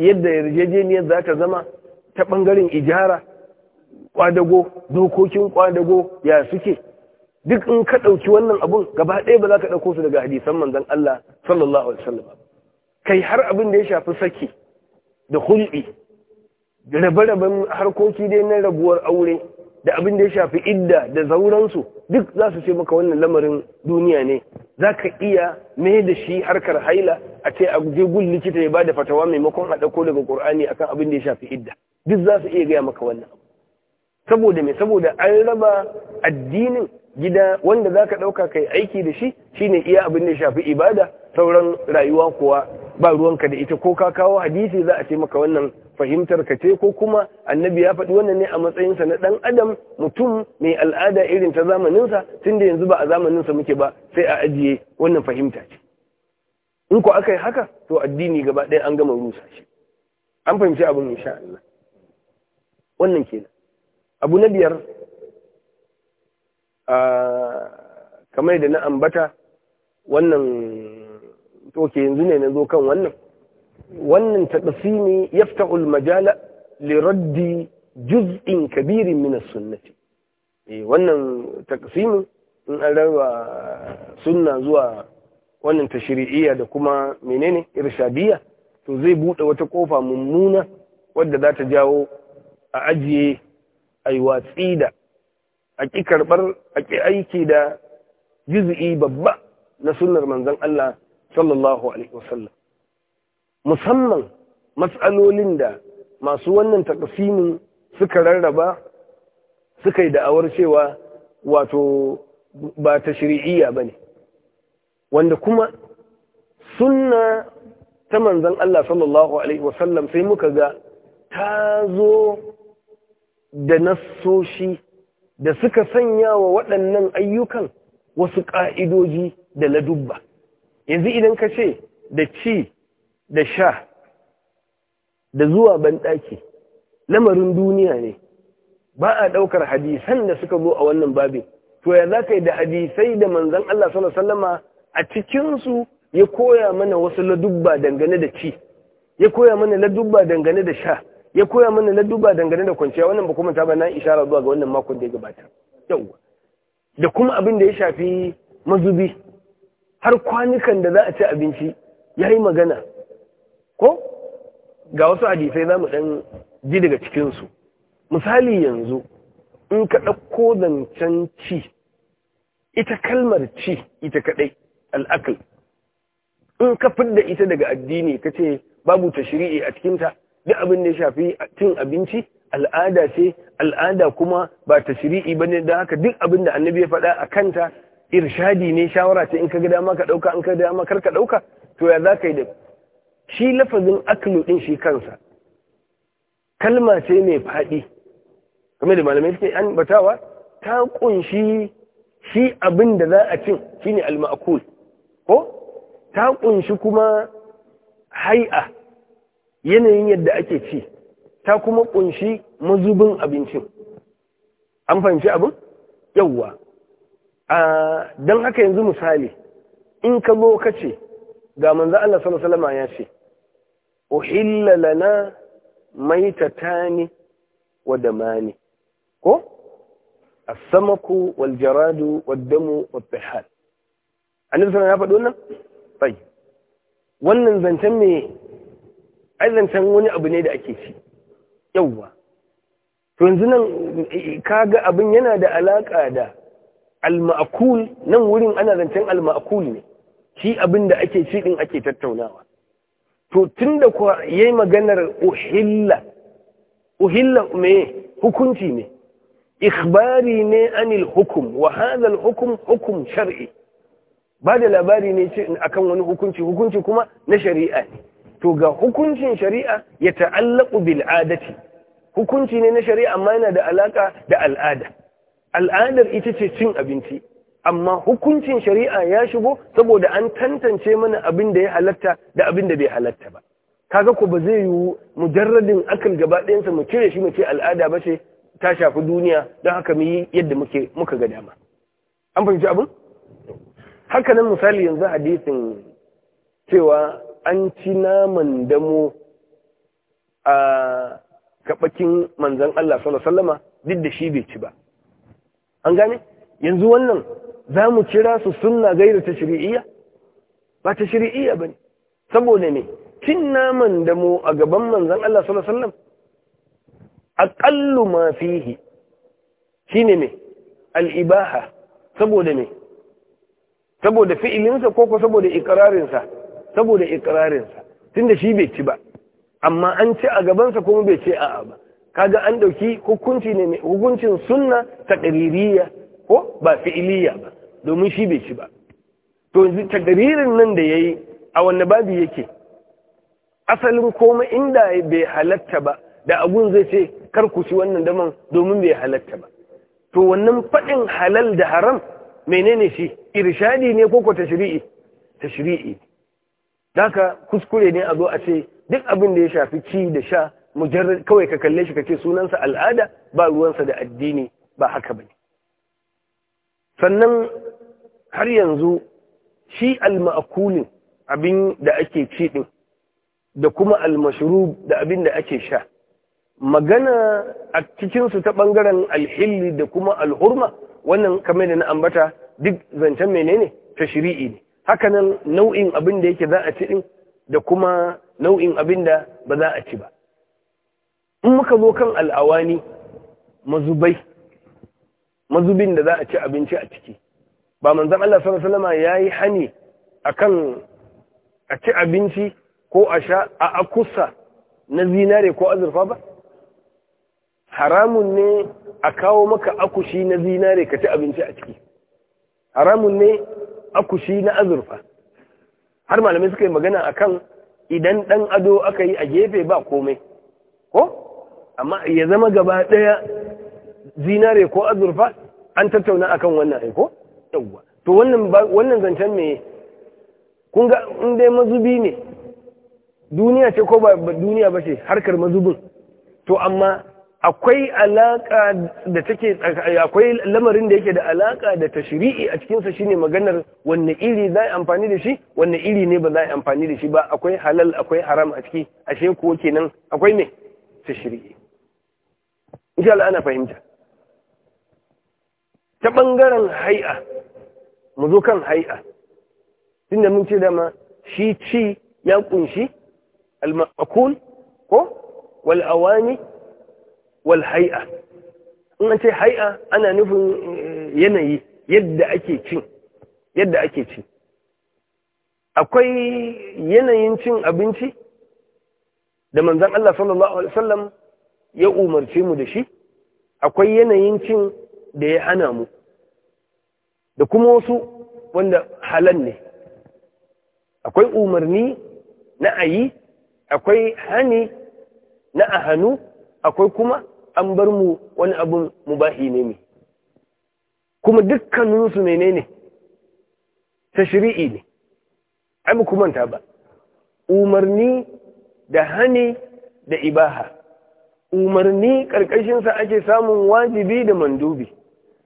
yadda yarjejeniyar za ta zama ta bangaren ijara kwadago dokokin kwadago ya suke duk in ka ɗauki wannan abun gaba ɗaya ba za ka ɗauko su daga hadisan manzon Allah sallallahu alaihi wasallam kai har abin da ya shafi saki da hulɗi da rabe harkoki dai na rabuwar aure da abin da ya shafi idda da zauransu duk za su ce maka wannan lamarin duniya ne za ka iya mai da shi harkar haila a ce a je gun likita ya bada fatawa maimakon a ɗauko daga ƙur'ani akan abin da ya shafi idda duk za su iya gaya maka wannan saboda me saboda an raba addinin gida wanda za ka ɗauka kai aiki da shi shi ne iya abin da shafi ibada sauran rayuwa kuwa ba ruwanka da ita ko ka kawo hadisi za a ce maka wannan fahimtar ka ce ko kuma annabi ya faɗi wannan ne a matsayinsa na ɗan adam mutum mai al'ada irin ta zamaninsa tun da yanzu ba a zamaninsa muke ba sai a ajiye wannan fahimta ce in ko aka yi haka to addini gaba ɗaya an gama rusa shi an fahimci abin insha Allah wannan kenan abu na biyar kamar da na ambata wannan toke yanzu ne na zo kan wannan wannan ne ya fita ulmajala liraddi juz'in kabirin mina sunnati eh, wannan taƙasimin in an rarwa sunna zuwa wannan shiri'iyya da kuma menene irshadiyya to zai buɗe wata ƙofa mummuna wadda za ta jawo a ajiye yi watsi da a ƙi karɓar a ƙi aiki da juz'i babba na sunar manzan Allah sallallahu alaihi wasallam musamman matsalolin da masu wannan takasimin suka rarraba suka yi da'awar cewa wato ba ta shiri'iyya ba ne wanda kuma sunna ta manzan Allah sallallahu Alaihi wasallam sai muka ga ta zo da nassoshi da suka sanya wa waɗannan ayyukan wasu ƙa'idoji da ladubba. Yanzu idan ka ce da ci da sha da zuwa banɗaki, lamarin duniya ne, ba a ɗaukar hadisan da suka zo a wannan babin. To ya za ka yi da hadisai da manzan Allah sallama a cikinsu ya koya mana wasu ladubba dangane da ci, ya koya mana ladubba dangane da sha, ya koya mana na duba dangane da kwanciya wannan ba kuma ta ba na ishara zuwa ga wannan makon da ya gabata Yau, da kuma abin da ya shafi mazubi har kwanukan da za a ci abinci ya yi magana ko ga wasu hadisai za mu ɗan ji daga cikinsu misali yanzu in ka ɗauko zancen ci ita kalmar ci ita kaɗai al'akal in ka fidda ita daga addini ka ce babu tashiri'i a cikinta duk abin da ya shafi cin abinci al'ada ce al'ada kuma ba ta shiri'i ba ne don haka duk abin da annabi ya faɗa a kanta irshadi ne shawara ce in ka ga dama ka ɗauka in ka ga dama kar ka ɗauka to ya za ka yi da shi lafazin aklu ɗin shi kansa kalma ce mai faɗi kamar da malamai suke an batawa ta ƙunshi shi abin da za a cin shine ne makul ko ta ƙunshi kuma hai'a yanayin yadda ake ci ta kuma ƙunshi mazubin abincin an fahimci abin yawwa don haka yanzu misali in ka zo ka ce ga manzo Allah sallallahu alaihi ya ce uhilla lana maitatani wa damani ko as-samaku wal jaradu wad damu wat tihal annabi sallallahu alaihi ya faɗo wannan wannan zancen me aizancen wani abu ne da ake ci yauwa to yanzu nan kaga abin yana da alaka da al al-ma'kul nan wurin ana zancen makul ne shi abin da ake ci din ake tattaunawa to tunda kuwa yayi maganar uhilla uhilla me hukunci ne ikhbari ne anil hukum wa hadha al hukum hukum shar'i ba da labari ne akan wani hukunci hukunci kuma na shari'a ne to ga hukuncin shari'a ya ta'allaku bil hukunci ne na shari'a amma yana da alaka da al'ada al'adar ita ce cin abinci amma hukuncin shari'a ya shigo saboda an tantance mana abin da ya halatta da abin da bai halatta ba kaga ko ba zai yiwu mujarradin akal gaba ɗayansa mu cire shi mu ce al'ada ba ce ta shafi duniya don haka mu yi yadda muke muka ga dama an fahimci abin haka nan misali yanzu hadisin cewa an ci naman damo a kaɓakin manzan Allah sallama duk da shi bai ci ba. An gane? Yanzu wannan za mu kira su suna gaira ta shiri'iyya? Ba ta shiri'iyya ba ne. Saboda ne, cin naman damo a gaban manzan Allah sallam aƙallu ma fihi shi ne mai al'ibaha saboda ne, saboda fi'ilinsa ko ko saboda ikararinsa. saboda ikirarinsa da shi bai ci ba amma an ce a gabansa kuma bai ce a'a ba kaga an ɗauki hukuncin sunna ta ɗaririya ko ba fi'iliya ba domin shi bai ci ba to ta nan da ya yi a wanne babu yake asalin koma inda bai halatta ba da abun zai ce kar ku ci wannan daman domin bai halatta ba to wannan faɗin halal da haram menene shi irshadi ne ko ko tashri'i tashri'i Daka kuskure ne a zo a ce duk abin da ya shafi ci da sha mujarrad kawai ka kalle shi ka ce sunansa al'ada ba ruwansa da addini ba haka ba ne. Sannan har yanzu shi al-ma'akulin abin da ake ci din da kuma al-mashrub da abin da ake sha. Magana a cikinsu ta ɓangaren alhilli da kuma alhurma wannan kamar da na ambata duk zancen menene ta shiri'i ne hakanan nau'in abin da yake za a ci din da kuma nau'in abin da ba za a ci ba in muka zo kan al'awani mazubai mazubin da za a ci abinci a ciki ba manzon Allah sallallahu alaihi wasallam yayi hani akan a ci abinci ko a sha a akusa na zinare ko azurfa ba haramun ne a kawo maka akushi na zinare ka ci abinci a ciki haramun ne akushi na azurfa har malamai suka yi magana akan idan ɗan ado aka yi a gefe ba komai ko amma ya zama gaba ɗaya zinare ko azurfa an tattauna akan wannan aiko to wannan zancen me kun ga in dai mazubi ne duniya ce ko ba duniya bace harkar mazubin to amma akwai alaka da take akwai lamarin da yake da alaka da tashri'i a cikinsa sa shine maganar wanne iri za amfani da shi wanne iri ne ba za amfani da shi ba akwai halal akwai haram a ciki ashe ko kenan akwai me tashri'i insha Allah ana fahimta ta bangaren hai'a mu zo kan hai'a tunda mun ce dama shi ci ya kunshi al-maqul ko wal awani wal hai'a in an ce hai'a ana nufin eh, yanayi yadda ake cin yadda ake ci akwai yanayin cin abinci da manzon Allah sallallahu alaihi wasallam ya umarce mu da shi akwai yanayin cin da ya hana mu da kuma wasu wanda halan ne akwai umarni na ayi akwai hani na a hannu akwai kuma an bar mu wani abin mubahi ne ne kuma dukkaninsu menene tashri'i ne ai mu manta ba umarni da hani da ibaha umarni ƙarƙashinsa ake samun wajibi da mandubi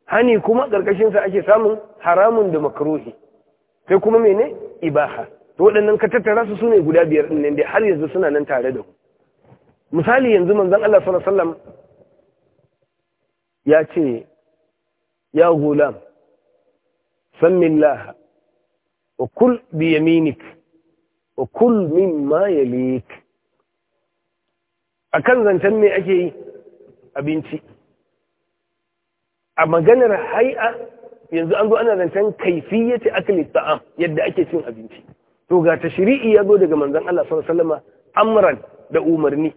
hani kuma ƙarƙashinsa ake samun haramun da makaruhi sai kuma mene ibaha to waɗannan ka su sune guda biyar ɗin ne har yanzu suna nan tare da ku. misali yanzu manzan Allah sallallahu ya ce ya gulam samillah wa kul okul min wa kul mimma A kan zancen ne ake yi abinci a maganar hai'a yanzu an zo ana zancen kaifi ce aka ta'am yadda ake cin abinci to ga shiri'i ya zo daga manzan Allah sallallahu amran da umarni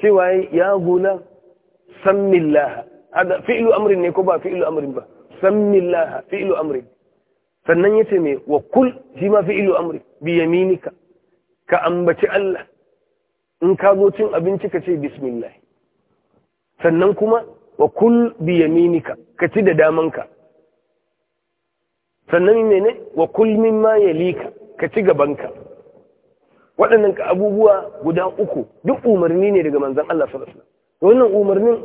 cewa ya gula Laha. hada fi'lu amrin ne ko ba fi'lu amrin ba sammillaha fi'lu amrin sannan yace me wa kul shi ma fi'lu amrin bi yaminika ka ambaci Allah in ka zo cin abinci ka ce bismillah sannan kuma wa kul bi yaminika ka ci da damanka sannan ne, wa kul mimma yalika ka ci gabanka waɗannan ka abubuwa guda uku duk umarni ne daga manzon Allah sallallahu alaihi wasallam wannan umarnin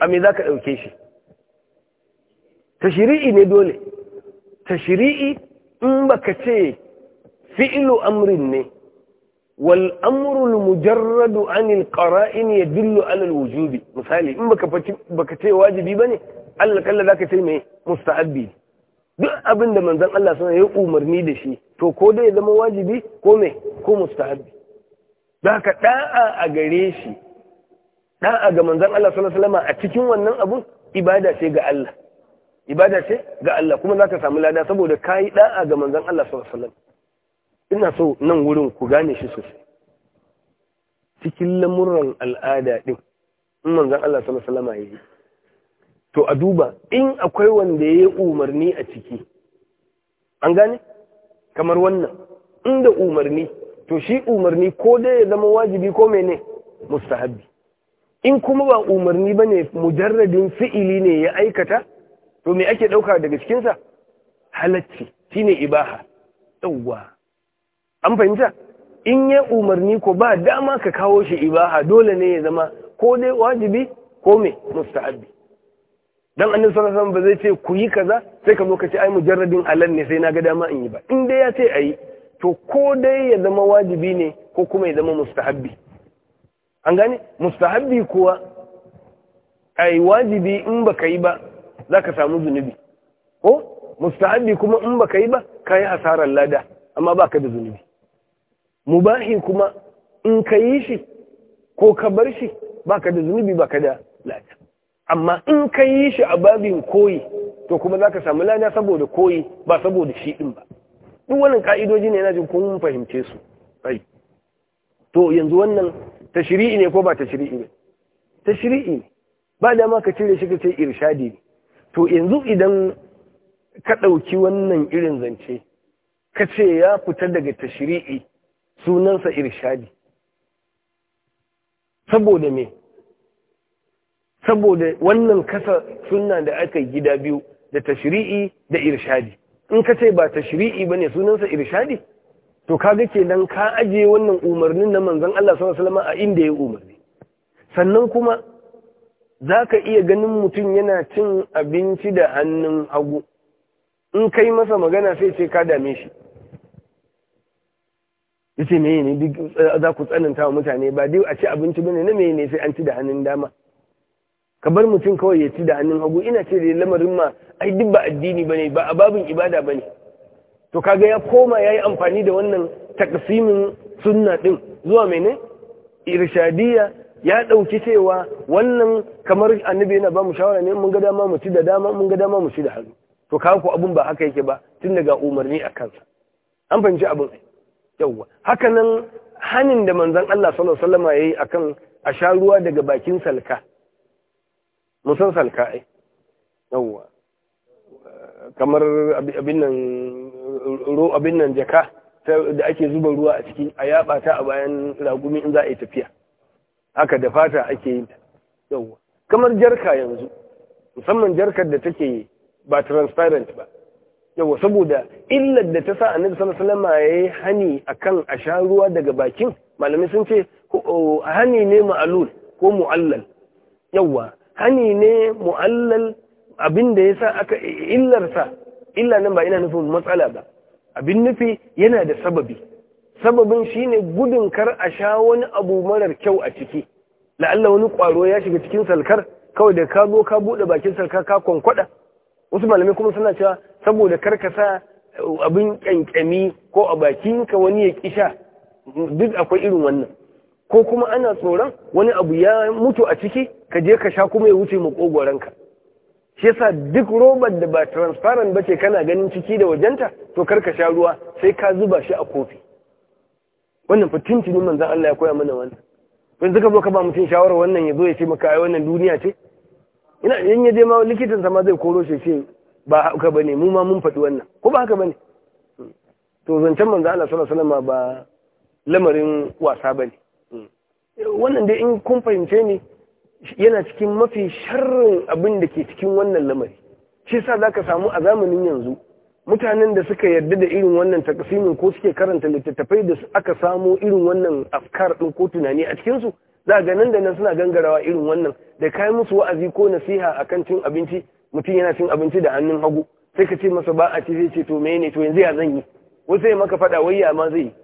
a me za ka ɗauke shi tashiri'i ne dole tashiri'i in baka ce fi'ilu amrin ne wal mujarradu anil in ya dillo alal wujubi misali in baka ce wajibi ba ne, Allah kalla ka ce mai musta'abbi duk abin da manzon Allah suna yi umarni da shi to ko dai zama wajibi ko mai ko musta'abbi Ba ka ɗa'a a gare shi da'a ga manzan Allah sallallahu alaihi wasallam a cikin wannan abun ibada ce ga Allah ibada ce ga Allah kuma zaka samu lada saboda kai da'a ga manzan Allah sallallahu alaihi wasallam ina so nan wurin ku gane shi sosai cikin lamuran al'ada din in manzan Allah sallallahu alaihi wasallam yayi to a duba in akwai wanda yayi umarni a ciki an gane kamar wannan inda umarni to shi umarni ko dai ya zama wajibi ko mene mustahabi in kuma ba umarni ba ne mujarradin fi'ili ne ya aikata to me ake ɗauka daga cikinsa halacci shi ne ibaha yawwa an fahimta in ya umarni ko ba dama ka kawo shi ibaha dole ne ya zama ko dai wajibi ko me musta'abi dan annin sana alaihi ba zai ce ku yi kaza sai ka lokaci ai mujarradin alal ne sai na ga dama in yi ba in dai ya ce ayi to ko dai ya zama wajibi ne ko kuma ya zama mustahabbi an gane mustahabbi kuwa ai wajibi in baka yi ba zaka samu zunubi ko mustahabbi kuma in baka yi ba kai hasarar lada amma baka da zunubi mubahi kuma in ka yi shi ko ka bar shi baka da zunubi baka da lada amma in ka yi shi a babin koyi to kuma zaka samu lada saboda koyi ba saboda shi din ba duk wannan ka'idoji ne yana jin kun fahimce su ai to yanzu wannan tashri'i ne ko ba tashri'i ne tashri'i ne ba dama ka cire shi ka ce irshadi ne to yanzu idan ka ɗauki wannan irin zance ka ce ya fita daga tashri'i sunansa irshadi saboda me saboda wannan kasa sunna da aka gida biyu da tashri'i da irshadi in ka ce ba tashri'i bane sunansa irshadi to kaga kenan ka ajiye wannan umarnin na manzon Allah sallallahu alaihi a inda ya umarni sannan kuma zaka iya ganin mutum yana cin abinci da hannun hagu in kai masa magana sai ce ka dame shi yace me ne duk eh, za ku tsananta wa mutane ba dai a ci abinci bane na meye ne sai an ci da hannun dama ka bar mutum kawai ya ci da hannun hagu ina ce da lamarin ma ai duk ba addini bane ba a babin ibada bane to kaga ya koma ya yi amfani da wannan takasimin sunna din zuwa mene irshadiyya ya dauki cewa wannan kamar annabi yana ba mu shawara ne mun ga dama mu ci da dama mun ga dama mu ci da hannu to kaga ko abun ba haka yake ba tun daga umarni a kansa an fahimci abin yawwa haka nan hanin da manzon Allah sallallahu alaihi wasallama yayi akan a sha ruwa daga bakin salka mun san salka ai yawwa kamar abin nan jaka da ake zuba ruwa a ciki a yaba ta a bayan ragumi in za a yi tafiya haka da fata ake yi ta kamar jarka yanzu musamman jarkar da take ba transparent ba yauwa saboda illar da ta sa a nisan salama ya yi hani akan a sha ruwa daga bakin malamai sun ce hani ne ma'alul ko mu'allal yawa hani ne mu'allal abin da ya sa aka illarsa illa nan ba ina nufin matsala ba abin nufi yana da sababi sababin shine gudun kar a sha wani abu marar kyau a ciki la'alla wani kwaro ya shiga cikin salkar kawai da ka zo ka buɗe bakin salka ka kwankwaɗa. wasu malamai kuma suna cewa saboda kar ka sa eh, abin kyankyami ko a bakinka wani ya kisha duk akwai irin wannan ko kuma ana tsoron wani abu ya mutu a ciki ka je ka sha kuma ya wuce makogoranka shi yasa duk robar da ba transparent ce kana ganin ciki da wajenta to karka sha ruwa sai ka zuba shi a kofi wannan fa tintini manzon Allah ya koya mana wannan to yanzu ka zo ka ba mutum shawara wannan ya zo ya ce maka ai wannan duniya ce ina in ya je ma likitan sa ma zai koro shi ce ba haka bane mu ma mun faɗi wannan ko ba haka bane to zancen manzon Allah sallallahu alaihi wasallam ba lamarin wasa bane wannan dai in kun fahimce ni yana cikin mafi sharrin abin da ke cikin wannan lamari shi sa za ka samu a zamanin yanzu mutanen da suka yarda da irin wannan takasimin ko suke karanta littattafai da aka samo irin wannan afkar ɗin ko tunani a cikinsu za ga nan da nan suna gangarawa irin wannan da kai musu wa'azi ko nasiha a kan cin abinci mutum yana cin abinci da hannun hagu sai ka ce masa ba a ci zai ce to mene to yanzu ya zan yi wasu ya maka faɗa wai ya ma zai yi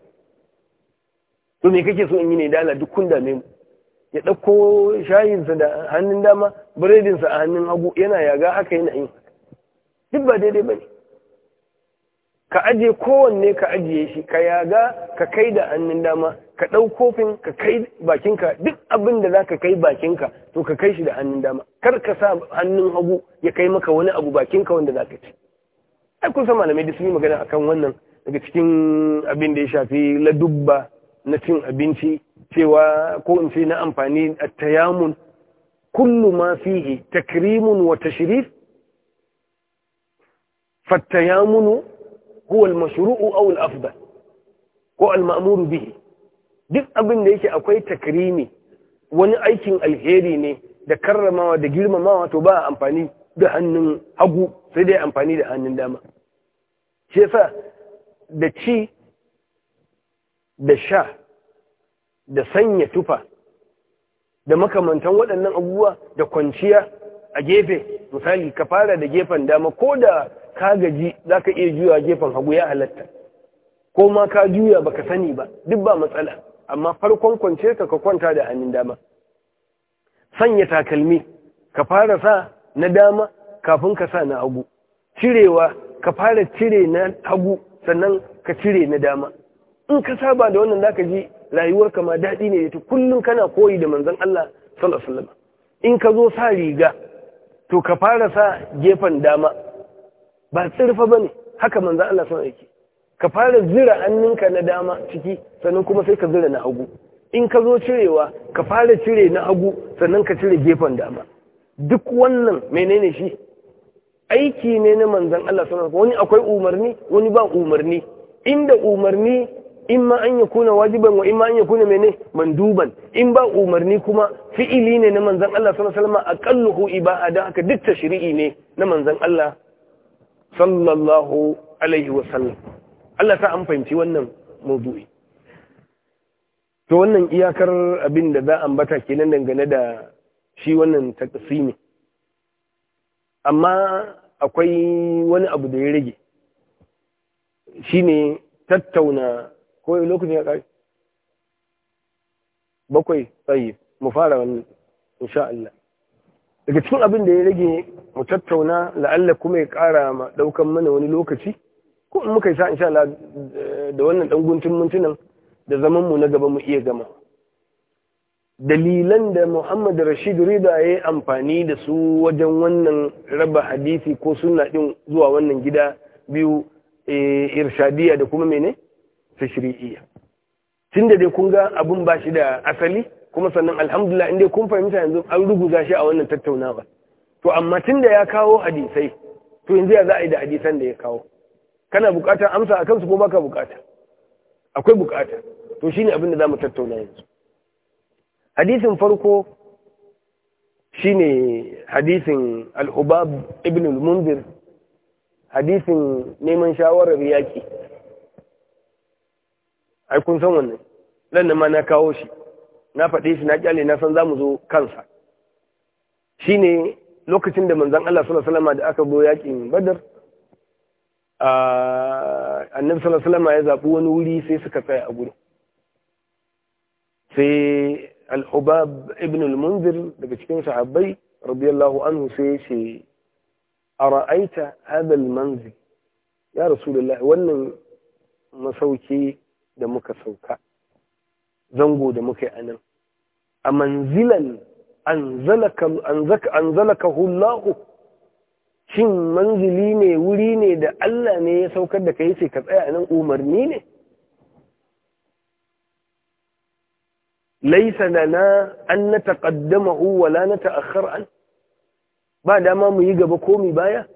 to me kake so in yi ne dala duk kun dame mu ya ɗauko shayinsa da hannun dama biredinsa a hannun hagu yana yaga haka yana yin duk ba daidai ba ne ka ajiye kowanne ka ajiye shi ka yaga ka kai da hannun dama ka ɗau kofin ka kai bakinka duk abin da za ka kai bakinka to ka kai shi da hannun dama kar ka sa hannun hagu ya kai maka wani abu bakinka wanda za ka ci ai kun malamai da sun yi magana akan wannan daga cikin abin da ya shafi ladubba na cin abinci cewa ko in ce na amfani a tayamun kullu ma fihi takrimun wa tashrif فالتيامن هو المشروع أو الأفضل ko almamuru bihi duk abin da yake akwai takrimi wani aikin alheri ne da karramawa da girmamawa to ba amfani da hannun hagu sai dai amfani da hannun dama shi yasa da ci da sha da sanya tufa da makamantan waɗannan abubuwa da kwanciya a gefe misali ka fara da gefen dama ko da ka gaji za ka iya juya gefen hagu ya halatta ko ma ka juya ba ka sani ba duk ba matsala amma farkon kwance ka ka kwanta da hannun dama sanya takalmi ka fara sa na dama kafin ka sa na hagu cirewa ka fara cire na hagu sannan ka cire na dama in ka saba da wannan za ka ji rayuwar ka ma daɗi ne ta kullum kana koyi da manzan Allah sallallahu alaihi wasallam in ka zo sa riga to ka fara sa gefen dama ba tsirfa bane haka manzan Allah sallallahu alaihi ka fara zira hannunka na dama ciki sannan kuma sai ka zira na hagu in ka zo cirewa ka fara cire na hagu sannan ka cire gefen dama duk wannan menene shi aiki ne na manzan Allah sallallahu alaihi wani akwai umarni wani ba umarni inda umarni in ma an kuna wajiban wa in ma an yakuna mene manduban in ba umarni kuma fi'ili ne na manzan Allah sallallahu alaihi wasallam aqalluhu ibaha da haka duk tashri'i ne na manzan Allah sallallahu alaihi wasallam Allah ta an fahimci wannan maudu'i. to wannan iyakar abin da za ambata kenan dangane da shi wannan taqsimi amma akwai wani abu da ya rage shine tattauna ko lokacin ya ƙari bakwai tsayi mu fara wannan insha Allah daga cikin abin da ya rage mu tattauna la'alla kuma ya ƙara ma ɗaukan mana wani lokaci ko in muka yi sa insha Allah da wannan ɗan guntun mintunan da zaman mu na gaba mu iya gama dalilan da Muhammad Rashid Rida ya yi amfani da su wajen wannan raba hadisi ko suna ɗin zuwa wannan gida biyu eh, irshadiya da kuma mene tashri'iyya tunda dai kun ga abun ba shi da asali kuma sannan alhamdulillah inda kun fahimta yanzu an ruguza shi a wannan tattaunawa to amma tunda ya kawo hadisai to yanzu ya za a yi da hadisan da ya kawo kana bukatar amsa a kansu ko baka bukata akwai bukata to shine abin da zamu tattauna yanzu hadisin farko shine hadisin al-hubab ibn al-mundir hadisin neman shawarar yaki ai kun san wannan nan ma na kawo shi na faɗe shi na kyale na san zamu zo kansa shine lokacin da manzon Allah sallallahu alaihi wasallam da aka zo yakin Badar annabi sallallahu alaihi wasallam ya zabi wani wuri sai suka tsaya a gurin sai al-Hubab ibn al-Munzir daga cikin sahabbai radiyallahu anhu sai ya ara'aita hadha al-manzil ya rasulullah wannan masauki da muka sauka zango da muka yi a nan, a manzilan anzalaka hullahu shin manzili ne wuri ne da Allah ne ya saukar da kai yi ka tsaya a nan umarni ne laisa na an na taƙaddamahu wala na ta'akar an ba dama mu yi gaba komi baya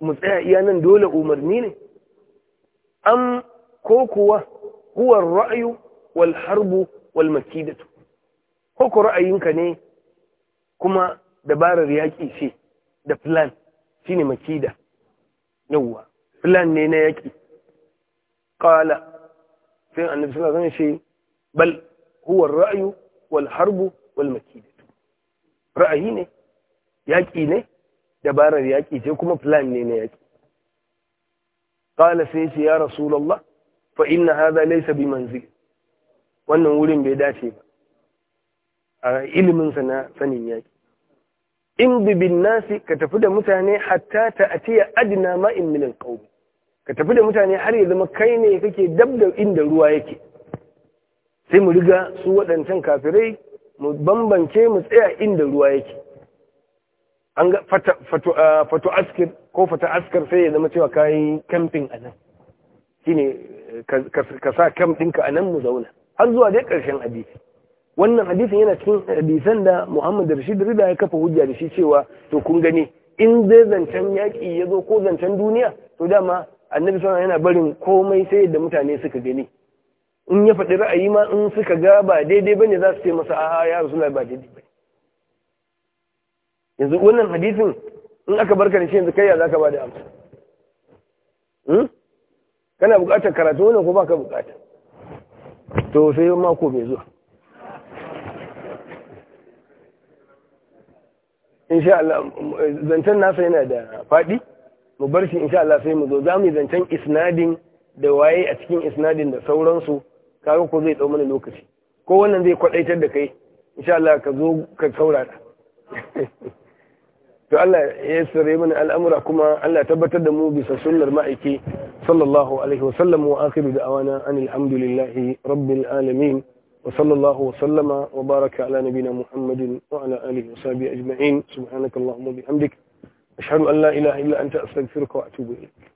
mu tsaya iya nan dole umarni ne An ko kuwa هو الرأي والحرب والمكيدة هو رأي كني كما دبار رياكي سي دا فلان سيني مكيدة نوا فلان نينا يكي قال في النبي صلى الله عليه وسلم بل هو الرأي والحرب والمكيدة رأي ني يكي ني دبار رياكي سي كما فلان نينا يكي قال سيسي يا رسول الله fa inna hadha laysa bi manzil wannan wurin bai dace ba a ilimin sa na sanin yaki in bi bin nasi ka tafi da mutane hatta ta atiya adna ma'in min alqawm ka tafi da mutane har ya zama kai ne kake dab da inda ruwa yake sai mu riga su waɗancan kafirai mu bambance mu tsaya inda ruwa yake an ga fata ah, askir ko fata askar sai ya zama cewa kayi kamfin a nan shine ka sa kam ɗinka a nan mu zauna har zuwa dai ƙarshen hadisi wannan hadisin yana cikin hadisan da Muhammad Rashid Rida ya kafa hujja da shi cewa to kun gani in zai zancen yaƙi ya zo ko zancen duniya to dama annabi sana yana barin komai sai da mutane suka gani in ya faɗi ra'ayi ma in suka ga ba daidai ba ne za su ce masa a'a ya rasu ba daidai ba yanzu wannan hadisin in aka barka da shi yanzu kai ya zaka ba da amsa hmm? kana bukatar karatu wani ko baka bukata to sai mako mai zuwa insha Allah zancen nasa yana da faɗi mu bar shi insha Allah sai mu zo za mu yi zancen isnadin da waye a cikin isnadin da sauransu kaga ko zai tsau mana lokaci ko wannan zai kwadaitar da kai insha Allah ka zo ka saurara to Allah ya sare mana al'amura kuma Allah tabbatar da mu bisa sunnar ma'aiki sallallahu alaihi wa sallam wa akhiru da'awana anil hamdulillahi rabbil alamin wa sallallahu wa sallama wa baraka ala nabina muhammadin wa ala alihi wa sahbihi ajma'in subhanakallahumma bihamdik ashhadu an la ilaha illa anta astaghfiruka wa atubu ilaik